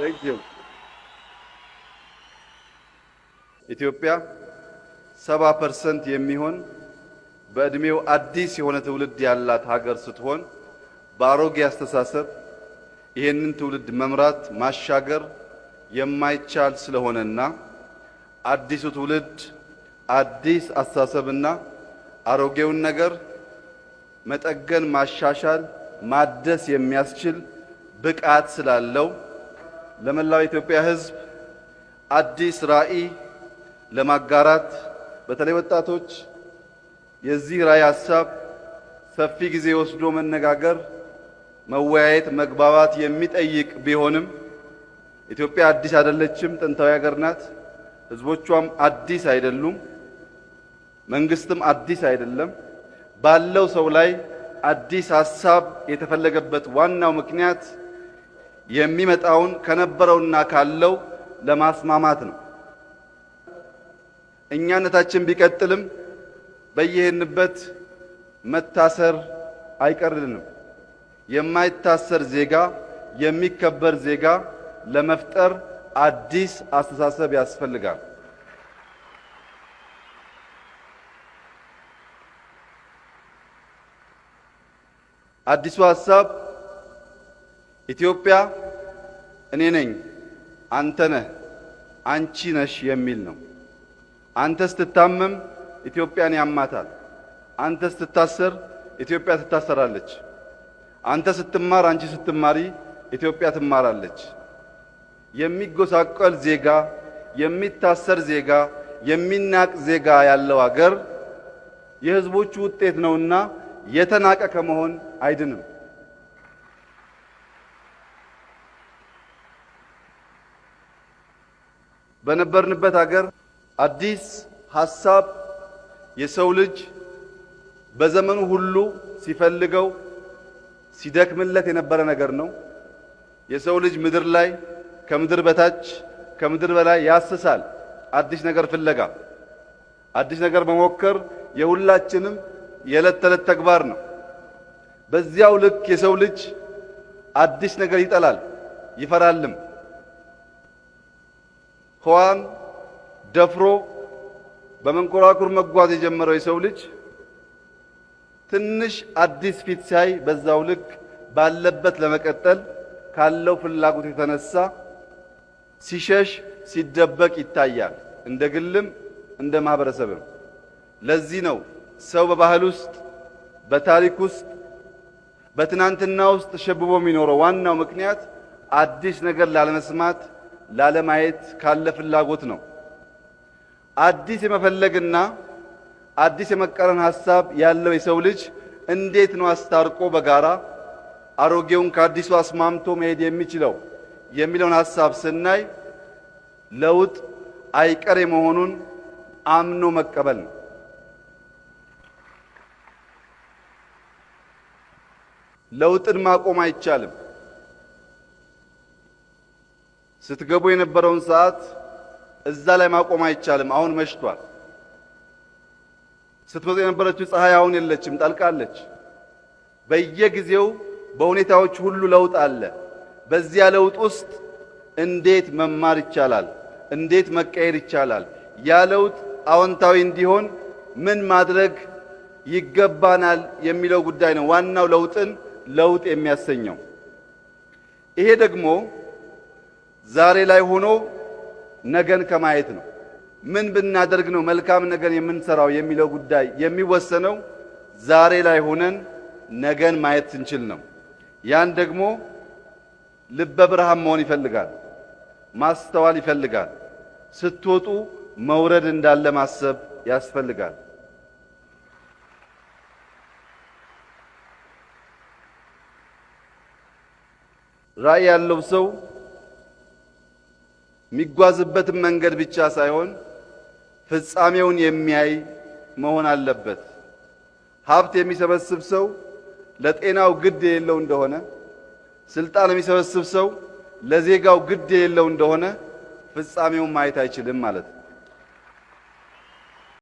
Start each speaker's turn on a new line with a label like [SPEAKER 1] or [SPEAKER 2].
[SPEAKER 1] Thank you ኢትዮጵያ ሰባ ፐርሰንት የሚሆን በዕድሜው አዲስ የሆነ ትውልድ ያላት ሀገር ስትሆን በአሮጌ አስተሳሰብ ይህንን ትውልድ መምራት ማሻገር የማይቻል ስለሆነና አዲሱ ትውልድ አዲስ አስተሳሰብና አሮጌውን ነገር መጠገን፣ ማሻሻል፣ ማደስ የሚያስችል ብቃት ስላለው ለመላው የኢትዮጵያ ሕዝብ አዲስ ራዕይ ለማጋራት በተለይ ወጣቶች የዚህ ራዕይ ሀሳብ ሰፊ ጊዜ ወስዶ መነጋገር፣ መወያየት፣ መግባባት የሚጠይቅ ቢሆንም ኢትዮጵያ አዲስ አይደለችም። ጥንታዊ ሀገር ናት። ሕዝቦቿም አዲስ አይደሉም። መንግስትም አዲስ አይደለም። ባለው ሰው ላይ አዲስ ሀሳብ የተፈለገበት ዋናው ምክንያት የሚመጣውን ከነበረውና ካለው ለማስማማት ነው። እኛነታችን ቢቀጥልም በየሄንበት መታሰር አይቀርልንም። የማይታሰር ዜጋ፣ የሚከበር ዜጋ ለመፍጠር አዲስ አስተሳሰብ ያስፈልጋል። አዲሱ ሀሳብ ኢትዮጵያ እኔ ነኝ፣ አንተ ነህ፣ አንቺ ነሽ የሚል ነው። አንተ ስትታመም ኢትዮጵያን ያማታል። አንተ ስትታሰር ኢትዮጵያ ትታሰራለች። አንተ ስትማር፣ አንቺ ስትማሪ ኢትዮጵያ ትማራለች። የሚጎሳቆል ዜጋ፣ የሚታሰር ዜጋ፣ የሚናቅ ዜጋ ያለው አገር የህዝቦቹ ውጤት ነውና የተናቀ ከመሆን አይድንም። በነበርንበት አገር አዲስ ሀሳብ የሰው ልጅ በዘመኑ ሁሉ ሲፈልገው ሲደክምለት የነበረ ነገር ነው። የሰው ልጅ ምድር ላይ ከምድር በታች ከምድር በላይ ያስሳል። አዲስ ነገር ፍለጋ አዲስ ነገር መሞከር የሁላችንም የዕለት ተዕለት ተግባር ነው። በዚያው ልክ የሰው ልጅ አዲስ ነገር ይጠላል ይፈራልም። ህዋን ደፍሮ በመንኮራኩር መጓዝ የጀመረው የሰው ልጅ ትንሽ አዲስ ፊት ሲያይ በዛው ልክ ባለበት ለመቀጠል ካለው ፍላጎት የተነሳ ሲሸሽ ሲደበቅ ይታያል፣ እንደ ግልም እንደ ማህበረሰብም። ለዚህ ነው ሰው በባህል ውስጥ በታሪክ ውስጥ በትናንትና ውስጥ ተሸብቦ የሚኖረው ዋናው ምክንያት አዲስ ነገር ላለመስማት ላለማየት ካለ ፍላጎት ነው። አዲስ የመፈለግና አዲስ የመቀረን ሀሳብ ያለው የሰው ልጅ እንዴት ነው አስታርቆ በጋራ አሮጌውን ከአዲሱ አስማምቶ መሄድ የሚችለው የሚለውን ሀሳብ ስናይ ለውጥ አይቀሬ መሆኑን አምኖ መቀበል ነው። ለውጥን ማቆም አይቻልም። ስትገቡ የነበረውን ሰዓት እዛ ላይ ማቆም አይቻልም። አሁን መሽቷል። ስትመጡ የነበረችው ፀሐይ አሁን የለችም፣ ጠልቃለች። በየጊዜው በሁኔታዎች ሁሉ ለውጥ አለ። በዚያ ለውጥ ውስጥ እንዴት መማር ይቻላል? እንዴት መቀየር ይቻላል? ያ ለውጥ አዎንታዊ እንዲሆን ምን ማድረግ ይገባናል የሚለው ጉዳይ ነው ዋናው ለውጥን ለውጥ የሚያሰኘው። ይሄ ደግሞ ዛሬ ላይ ሆኖ ነገን ከማየት ነው። ምን ብናደርግ ነው መልካም ነገር የምንሰራው የሚለው ጉዳይ የሚወሰነው ዛሬ ላይ ሆነን ነገን ማየት ስንችል ነው። ያን ደግሞ ልበ ብርሃን መሆን ይፈልጋል። ማስተዋል ይፈልጋል። ስትወጡ መውረድ እንዳለ ማሰብ ያስፈልጋል። ራዕይ ያለው ሰው የሚጓዝበትን መንገድ ብቻ ሳይሆን ፍጻሜውን የሚያይ መሆን አለበት። ሀብት የሚሰበስብ ሰው ለጤናው ግድ የሌለው እንደሆነ፣ ስልጣን የሚሰበስብ ሰው ለዜጋው ግድ የሌለው እንደሆነ ፍጻሜውን ማየት አይችልም ማለት ነው።